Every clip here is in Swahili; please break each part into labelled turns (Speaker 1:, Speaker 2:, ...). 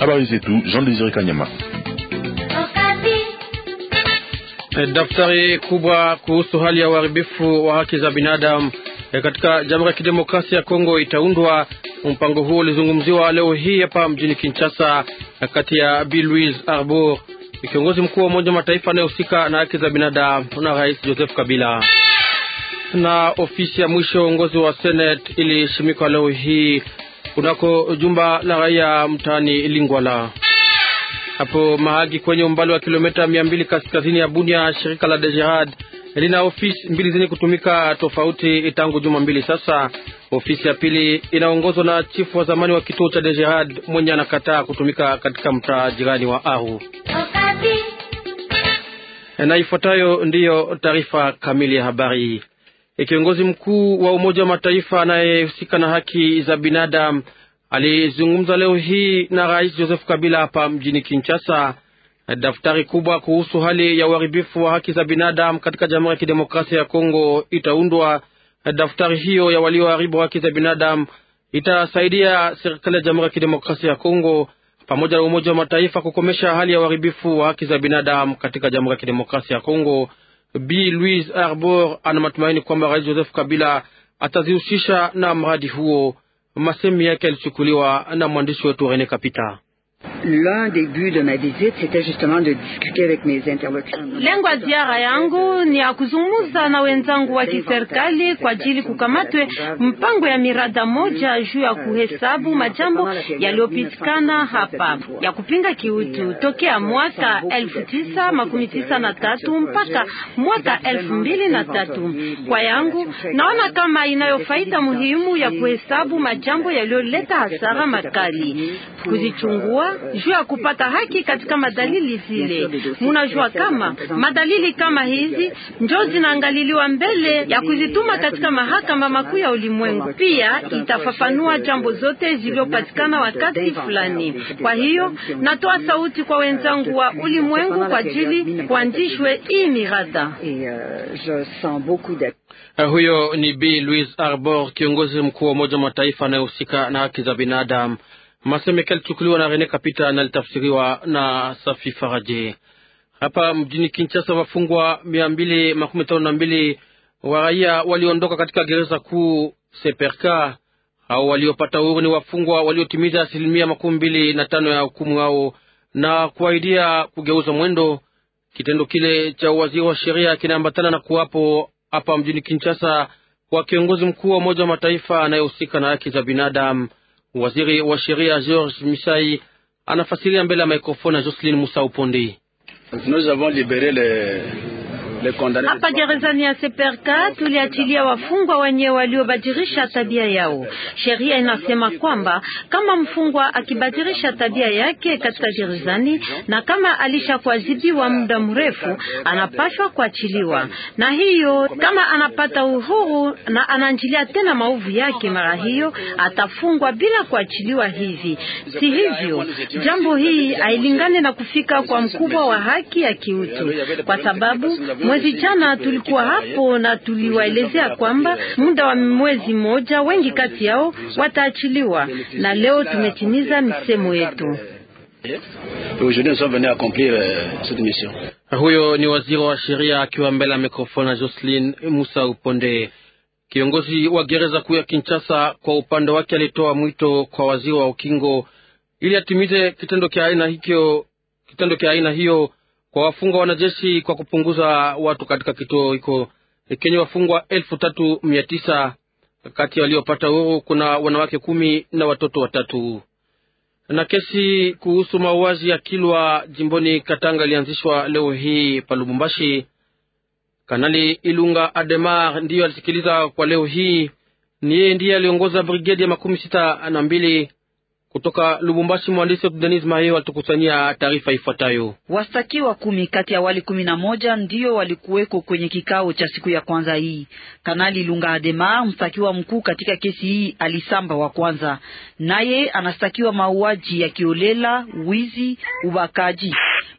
Speaker 1: Habari zetu Jean
Speaker 2: Désiré Kanyama.
Speaker 1: Eh, Daftari kubwa kuhusu hali ya uharibifu wa haki za binadamu eh, katika Jamhuri ya Kidemokrasia ya Kongo itaundwa. Mpango huo ulizungumziwa leo hii hapa mjini Kinshasa eh, kati ya Bi Louise Arbour, kiongozi mkuu wa Umoja wa Mataifa anayehusika na haki za binadamu na Rais Joseph Kabila. Na ofisi ya mwisho uongozi wa Senate ilishimikwa leo hii kunako jumba la raia mtaani Lingwala hapo Mahagi, kwenye umbali wa kilomita mia mbili kaskazini ya Bunia. Shirika la Dejihad lina ofisi mbili zenye kutumika tofauti tangu juma mbili sasa. Ofisi ya pili inaongozwa na chifu wa zamani wa kituo cha Dejihad mwenye anakataa kutumika katika mtaa jirani wa Ahu. Na ifuatayo ndiyo taarifa kamili ya habari. E, kiongozi mkuu wa Umoja wa Mataifa anayehusika na haki za binadamu alizungumza leo hii na Rais Joseph Kabila hapa mjini Kinshasa. E, daftari kubwa kuhusu hali ya uharibifu wa haki za binadamu katika Jamhuri ya Kidemokrasia ya Kongo itaundwa. E, daftari hiyo ya walioharibu haki za binadamu itasaidia serikali ya Jamhuri ya Kidemokrasia ya Kongo pamoja na Umoja wa Mataifa kukomesha hali ya uharibifu wa haki za binadamu katika Jamhuri ya Kidemokrasia ya Kongo Bi Louise Arbor ana matumaini kwamba Rais Joseph Kabila atazihusisha na mradi huo. Masemi yake yalichukuliwa na mwandishi wetu Rene Kapita
Speaker 3: l'un des buts de ma visite, c'était justement de discuter avec mes interlocuteurs.
Speaker 4: Lengo ya ziara yangu ni ya kuzungumza na wenzangu wa kiserikali kwa ajili kukamatwe mpango ya mirada moja juu ya kuhesabu majambo yaliyopitikana hapa ya kupinga kiutu tokea mwaka elfu tisa makumi tisa na tatu mpaka mwaka elfu mbili na tatu. Kwa yangu naona kama inayofaida muhimu ya kuhesabu majambo yaliyoleta hasara makali kuzichungua juu ya kupata haki katika madalili zile. Munajua kama madalili kama hizi njo zinaangaliliwa mbele ya kuzituma katika mahakama makuu ya ulimwengu, pia itafafanua jambo zote zilizopatikana wakati fulani. Kwa hiyo natoa sauti kwa wenzangu wa ulimwengu kwa ajili kuanzishwe hii mirada. Uh,
Speaker 1: eh, huyo ni Bi Louise arbor kiongozi mkuu wa Umoja wa Mataifa anayehusika na haki za binadamu. Masemeke alichukuliwa na Rene Kapita na litafsiriwa na Safi Faraje. Hapa mjini Kinshasa, wafungwa mia mbili makumi tano na mbili wa raia waliondoka katika gereza kuu Seperka. Hao waliopata uhuru ni wafungwa waliotimiza asilimia makumi mbili na tano ya hukumu yao na kuahidia kugeuza mwendo. Kitendo kile cha waziri wa sheria kinaambatana na kuwapo hapa mjini Kinshasa kwa kiongozi mkuu wa Umoja wa Mataifa anayehusika na haki za binadamu Waziri wa sheria George Misai anafasiria mbele microphone mikrofoni ya Moussa Musa Pondi Nous avons libéré les
Speaker 5: Hapa
Speaker 4: gerezani ya Seperka tuliachilia wafungwa wenye waliobadilisha tabia yao. Sheria inasema kwamba kama mfungwa akibadilisha tabia yake katika gerezani na kama alishakuadhibiwa muda mrefu, anapashwa kuachiliwa, na hiyo kama anapata uhuru na anaanjilia tena maovu yake, mara hiyo atafungwa bila kuachiliwa hivi. Si hivyo, jambo hii hailingani na kufika kwa mkubwa wa haki ya kiutu, kwa sababu Mwezi jana tulikuwa hapo na tuliwaelezea kwamba muda wa mwezi mmoja wengi kati yao wataachiliwa, na leo tumetimiza misemo yetu.
Speaker 1: Huyo ni waziri wa sheria akiwa mbele ya mikrofoni na Jocelyn Musa Uponde. Kiongozi wa gereza kuu ya Kinshasa kwa upande wake alitoa mwito kwa waziri wa ukingo ili atimize kitendo cha aina hiyo, kitendo cha aina hiyo kwa wafungwa wanajeshi kwa kupunguza watu katika kituo hiko kenye wafungwa elfu tatu mia tisa kati waliopata uhuru kuna wanawake kumi na watoto watatu. Na kesi kuhusu mauaji ya Kilwa jimboni Katanga ilianzishwa leo hii pa Lubumbashi. Kanali Ilunga Ademar ndiyo alisikiliza kwa leo hii, ni yeye ndiye aliongoza brigedi ya makumi sita na mbili kutoka Lubumbashi, mwandishi wetu Denis Mayo alitukusanyia taarifa ifuatayo.
Speaker 3: Wastakiwa kumi kati ya wali kumi na moja ndiyo walikuweko kwenye kikao cha siku ya kwanza hii. Kanali Lunga Adema, mstakiwa mkuu katika kesi hii, alisamba wa kwanza, naye anastakiwa mauaji ya kiolela, wizi, ubakaji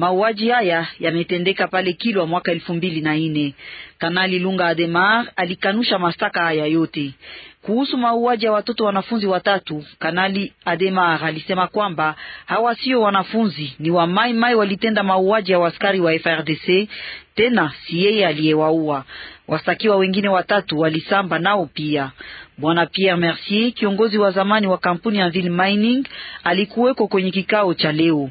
Speaker 3: Mauaji haya yametendeka pale Kilwa mwaka elfu mbili na nne. Kanali Lunga Ademar alikanusha mashtaka haya yote. Kuhusu mauaji ya watoto wanafunzi watatu, Kanali Ademar alisema kwamba hawa sio wanafunzi, ni wa Mai Mai walitenda mauaji ya waskari wa FRDC, tena si yeye aliyewaua. Wastakiwa wengine watatu walisamba nao pia. Bwana Pierre Mercier, kiongozi wa zamani wa kampuni ya Ville Mining, alikuweko kwenye kikao cha leo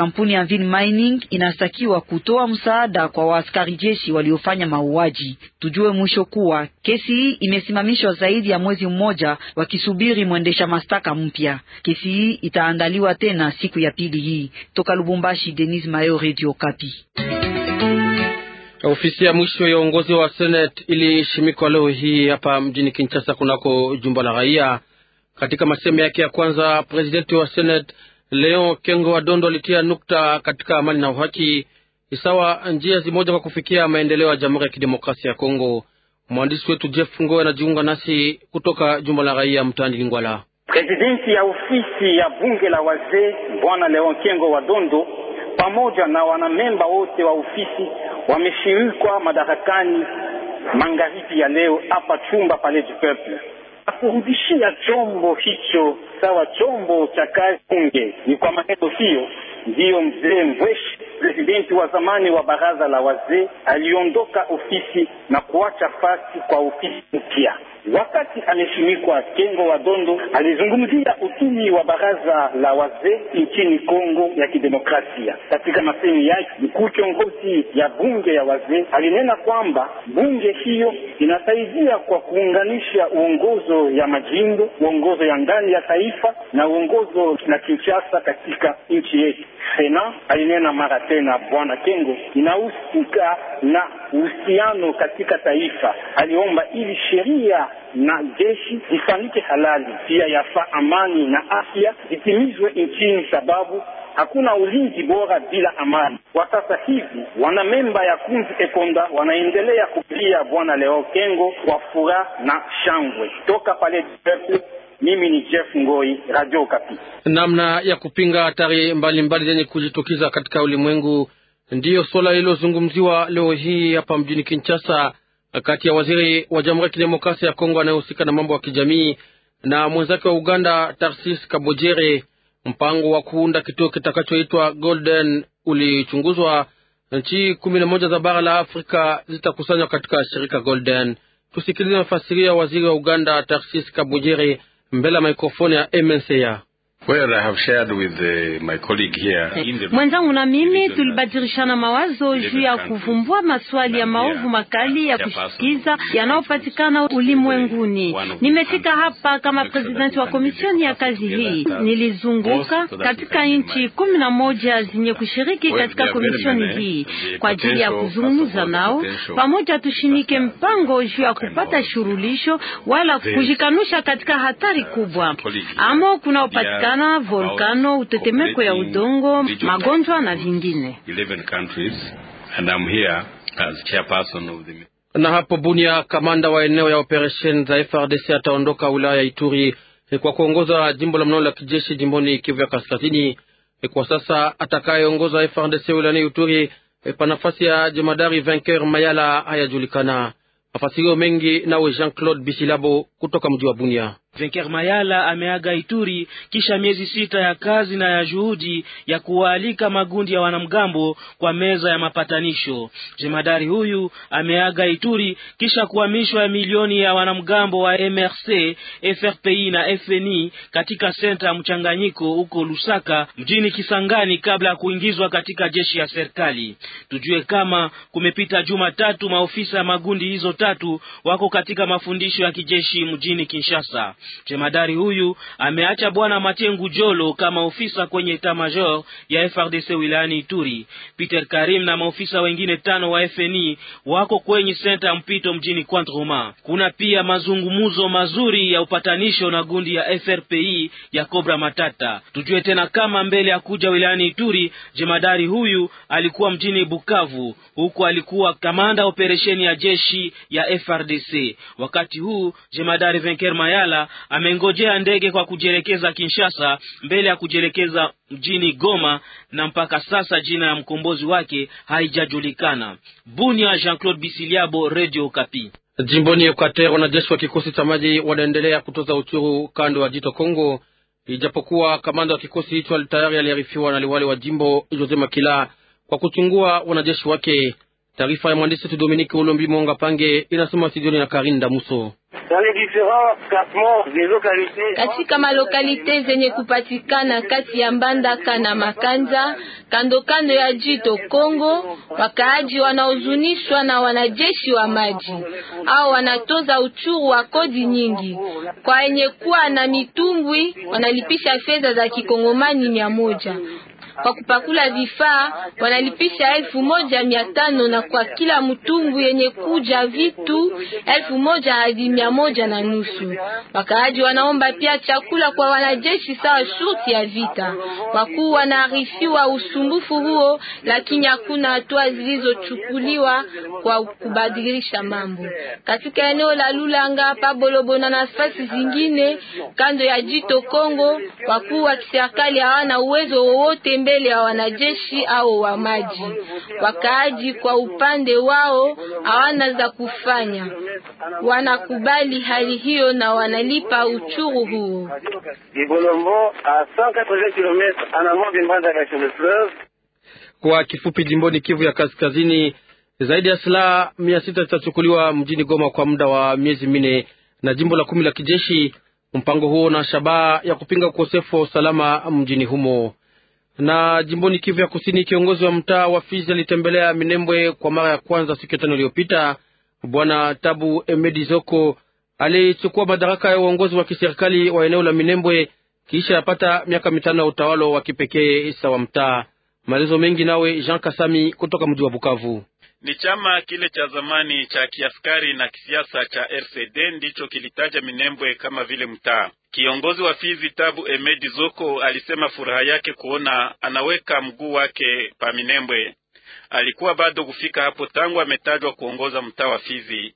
Speaker 3: kampuni ya Vin Mining inastakiwa kutoa msaada kwa waaskari jeshi waliofanya mauaji. Tujue mwisho kuwa kesi hii imesimamishwa zaidi ya mwezi mmoja, wakisubiri mwendesha mashtaka mpya. Kesi hii itaandaliwa tena siku ya pili hii. Toka Lubumbashi, Denis Mayo, Radio Kapi.
Speaker 1: Ofisi ya mwisho ya uongozi wa Senate ilishimikwa leo hii hapa mjini Kinshasa, kunako jumba la raia. Katika masemo yake ya kwanza, presidenti wa Senate Leo Kengo wa Dondo alitia nukta katika amani na uhaki, isawa njia zimoja kwa kufikia maendeleo ya Jamhuri ya Kidemokrasia ya Kongo. Mwandishi wetu Jeff Ngoe anajiunga nasi kutoka jumba la raia mtaani Lingwala.
Speaker 6: Presidenti ya ofisi ya bunge la wazee Bwana Leon Kengo wa Dondo pamoja na wanamemba wote wa ofisi wameshirikwa madarakani mangaribi ya leo hapa chumba pale du Peuple kurudishia chombo hicho sawa chombo cha kazi unge. Ni kwa maneno hiyo ndiyo mzee Mbweshi presidenti wa zamani wa baraza la wazee aliondoka ofisi na kuacha fasi kwa ofisi mpya. Wakati ameshimikwa, Kengo wa Dondo alizungumzia utumi wa baraza la wazee nchini Kongo ya Kidemokrasia. Katika masemi yake, mkuu kiongozi ya bunge ya wazee alinena kwamba bunge hiyo inasaidia kwa kuunganisha uongozo ya majimbo, uongozo ya ndani ya taifa na uongozo na Kinshasa katika nchi yetu. Sena alinena mara tena Bwana Kengo inahusika na uhusiano katika taifa. Aliomba ili sheria na jeshi zifanyike halali, pia yafaa amani na afya zitimizwe nchini, sababu hakuna ulinzi bora bila amani. Kwa sasa hivi wana memba ya Kunzi Ekonda wanaendelea kulia Bwana Leo Kengo kwa furaha na shangwe toka pale mimi ni Jeff Ngoi, Radio Kapi.
Speaker 1: Namna ya kupinga hatari mbalimbali zenye kujitokeza katika ulimwengu ndiyo swala lililozungumziwa leo hii hapa mjini Kinshasa kati ya waziri wa Jamhuri ya Kidemokrasia ya Kongo anayehusika na mambo ya kijamii na mwenzake wa Uganda Tarsis Kabojere. Mpango wa kuunda kituo kitakachoitwa Golden ulichunguzwa. Nchi kumi na moja za bara la Afrika zitakusanywa katika shirika Golden. Tusikilize mafasiria ya waziri wa Uganda Tarsis Kabojere mbele ya maikrofoni ya MNCA.
Speaker 7: Well, I have shared with the, uh, my colleague here. Eh,
Speaker 4: mwenzangu na mimi uh, tulibadilishana mawazo juu ya kuvumbua maswali ya maovu makali ya kushikiza yanayopatikana ulimwenguni. Nimefika hapa kama presidenti wa komisioni ya kazi hii. Nilizunguka katika nchi kumi na moja zenye kushiriki katika komisioni hii kwa ajili ya kuzungumza nao pamoja, tushinike uh, mpango juu ya kupata shurulisho wala kujikanusha katika hatari kubwa amo kunaopatikana kupambana volkano, utetemeko ya
Speaker 1: udongo, magonjwa na vingine. Na hapo Bunia, kamanda wa eneo ya operation za FRDC ataondoka wilaya ya Ituri eh, kwa kuongoza jimbo la mnao la kijeshi jimboni Kivu ya Kaskazini. Eh, kwa sasa atakayeongoza FRDC wilayani Ituri eh, pa nafasi ya jemadari Vainqueur Mayala hayajulikana. Mafasirio mengi nawe Jean Claude Bisilabo kutoka mji wa Bunia.
Speaker 5: Venker Mayala ameaga Ituri kisha miezi sita ya kazi na ya juhudi ya kuwaalika magundi ya wanamgambo kwa meza ya mapatanisho. Jemadari huyu ameaga Ituri kisha kuhamishwa milioni ya wanamgambo wa MRC, FRPI na FNI katika senta ya mchanganyiko huko Lusaka mjini Kisangani kabla ya kuingizwa katika jeshi ya serikali. Tujue kama kumepita juma tatu maofisa ya magundi hizo tatu wako katika mafundisho ya kijeshi mjini Kinshasa. Jemadari huyu ameacha bwana Matie Ngujolo kama ofisa kwenye eta major ya FRDC wilayani Ituri. Peter Karim na maofisa wengine tano wa FNI wako kwenye senta ya mpito mjini Kwantroma. Kuna pia mazungumzo mazuri ya upatanisho na gundi ya FRPI ya Cobra Matata. Tujue tena kama mbele ya kuja wilayani Ituri, jemadari huyu alikuwa mjini Bukavu, huku alikuwa kamanda operesheni ya jeshi ya FRDC. Wakati huu jemadari Venker Mayala amengojea ndege kwa kujielekeza Kinshasa mbele ya kujielekeza mjini Goma, na mpaka sasa jina ya mkombozi wake haijajulikana. Bunia, Jean-Claude Bisiliabo, Radio Kapi. Jimboni Equateur, wanajeshi wa kikosi cha maji wanaendelea
Speaker 1: kutoza uchuru kando ya jito Kongo, ijapokuwa kamanda wa kikosi hicho tayari aliarifiwa na liwali wa jimbo Jose Makila kwa kuchungua wanajeshi wake. Taarifa ya mwandishi wetu Dominique Olombi Monga Pange inasoma studioni na Karinda Muso.
Speaker 8: Katika malokalite zenye kupatikana kati ya Mbandaka na Makanja kando kando ya jito Kongo, wakaaji wanaozunishwa na wanajeshi wa maji au wanatoza uchuru wa kodi nyingi. Kwa wenye kuwa na mitumbwi wanalipisha fedha za kikongomani mia moja kwa kupakula vifaa wanalipisha elfu moja mia tano na kwa kila mtungu yenye kuja vitu elfu moja hadi mia moja na nusu. Wakaaji wanaomba pia chakula kwa wanajeshi sawa shurti ya vita. Wakuu wanaarifiwa usumbufu huo, lakini hakuna hatua zilizochukuliwa kwa kubadilisha mambo katika eneo la Lulanga Bolobo na nafasi zingine kando ya jito Kongo. Wakuu wa kiserikali hawana uwezo wowote mbele ya wanajeshi au wa maji. Wakaaji kwa upande wao hawana za kufanya, wanakubali hali hiyo na wanalipa uchuru huo.
Speaker 1: Kwa kifupi, jimboni Kivu ya Kaskazini, zaidi ya silaha mia sita zitachukuliwa mjini Goma kwa muda wa miezi minne na jimbo la kumi la kijeshi. Mpango huo na shabaha ya kupinga ukosefu wa usalama mjini humo. Na jimboni Kivu ya Kusini, kiongozi wa mtaa wa Fizi alitembelea Minembwe kwa mara ya kwanza siku ya tano iliyopita. Bwana Tabu Emedi Zoko alichukua madaraka ya uongozi wa kiserikali wa eneo la Minembwe kisha yapata miaka mitano ya utawala wa kipekee sawa mtaa. Maelezo mengi nawe Jean Kasami kutoka mji wa Bukavu.
Speaker 7: Ni chama kile cha zamani cha kiaskari na kisiasa cha RCD ndicho kilitaja Minembwe kama vile mtaa. Kiongozi wa Fizi Tabu Emedi Zoko alisema furaha yake kuona anaweka mguu wake pa Minembwe. Alikuwa bado kufika hapo tangu ametajwa kuongoza mtaa wa Fizi.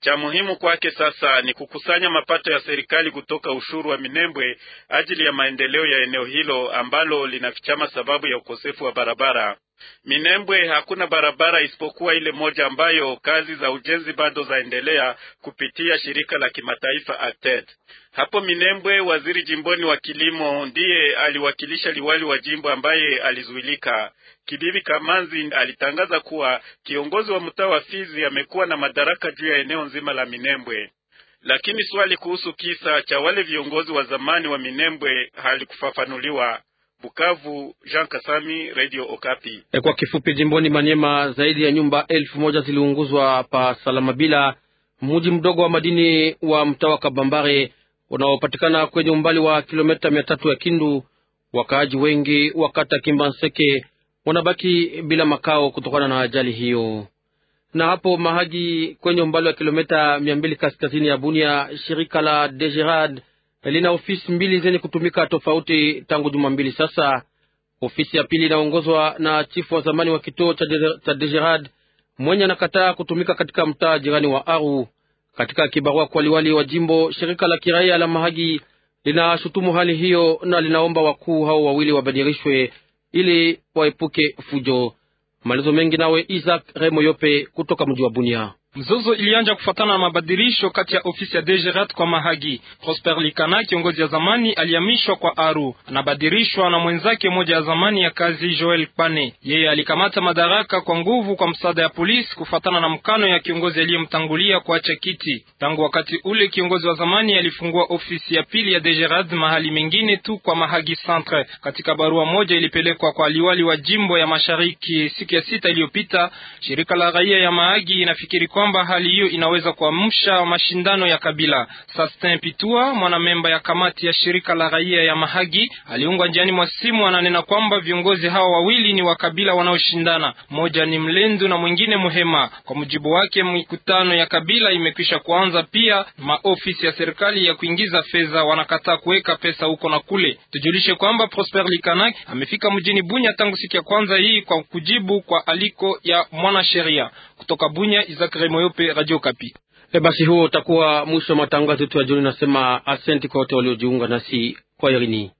Speaker 7: Cha muhimu kwake sasa ni kukusanya mapato ya serikali kutoka ushuru wa Minembwe ajili ya maendeleo ya eneo hilo ambalo linafichama sababu ya ukosefu wa barabara. Minembwe hakuna barabara isipokuwa ile moja ambayo kazi za ujenzi bado zaendelea kupitia shirika la kimataifa ACTED. Hapo Minembwe, waziri jimboni wa kilimo ndiye aliwakilisha liwali wa jimbo ambaye alizuilika. Kibibi Kamanzi alitangaza kuwa kiongozi wa mtaa wa Fizi amekuwa na madaraka juu ya eneo nzima la Minembwe. Lakini swali kuhusu kisa cha wale viongozi wa zamani wa Minembwe halikufafanuliwa. Bukavu, Jean Kasami, Radio Okapi.
Speaker 1: E, kwa kifupi, jimboni Manyema zaidi ya nyumba elfu moja ziliunguzwa pa Salamabila, mji mdogo wa madini wa mtaa wa Kabambare unaopatikana kwenye umbali wa kilomita mia tatu ya Kindu. Wakaaji wengi wa kata Kimbanseke wanabaki bila makao kutokana na ajali hiyo. Na hapo Mahagi kwenye umbali wa kilomita mia mbili kaskazini ya Bunia, shirika la Degerad lina ofisi mbili zenye kutumika tofauti tangu juma mbili sasa. Ofisi ya pili inaongozwa na chifu wa zamani wa kituo cha Degerad mwenye anakataa kutumika katika mtaa jirani wa Aru. Katika kibarua kwa liwali wa jimbo, shirika la kiraia la Mahagi linashutumu hali hiyo na linaomba wakuu hao wawili wabadilishwe ili waepuke fujo. Maelezo mengi nawe Isaac Remo Yope kutoka mji wa Bunia.
Speaker 2: Mzozo ilianja kufuatana na mabadilisho kati ya ofisi ya Dejerat kwa Mahagi. Prosper Likana, kiongozi ya zamani, alihamishwa kwa Aru, anabadilishwa na mwenzake mmoja ya zamani ya kazi Joel Pane. Yeye alikamata madaraka kwa nguvu kwa msaada ya polisi, kufuatana na mkano ya kiongozi aliyemtangulia kuacha kiti. Tangu wakati ule, kiongozi wa zamani alifungua ofisi ya pili ya Dejerat mahali mengine tu kwa Mahagi Centre. Katika barua moja ilipelekwa kwa liwali wa jimbo ya mashariki siku ya sita iliyopita, shirika la raia ya Mahagi inafikiri kwa kwamba hali hiyo inaweza kuamsha mashindano ya kabila. Sastin Pitua, mwanamemba ya kamati ya shirika la raia ya Mahagi, aliungwa njiani mwa simu, ananena kwamba viongozi hawa wawili ni wa kabila wanaoshindana, mmoja ni Mlendu na mwingine Muhema. Kwa mujibu wake, mikutano ya kabila imekwisha kuanza. Pia maofisi ya serikali ya kuingiza fedha wanakataa kuweka pesa huko na kule. Tujulishe kwamba Prosper Likanak amefika mjini Bunya tangu siku ya kwanza hii kwa kujibu kwa aliko ya mwanasheria kutoka Bunya Izakre Moyope, Radio Kapi.
Speaker 1: E, basi huo utakuwa mwisho wa matangazo yetu ya jioni. Nasema asante kwa wote waliojiunga nasi kwa irini.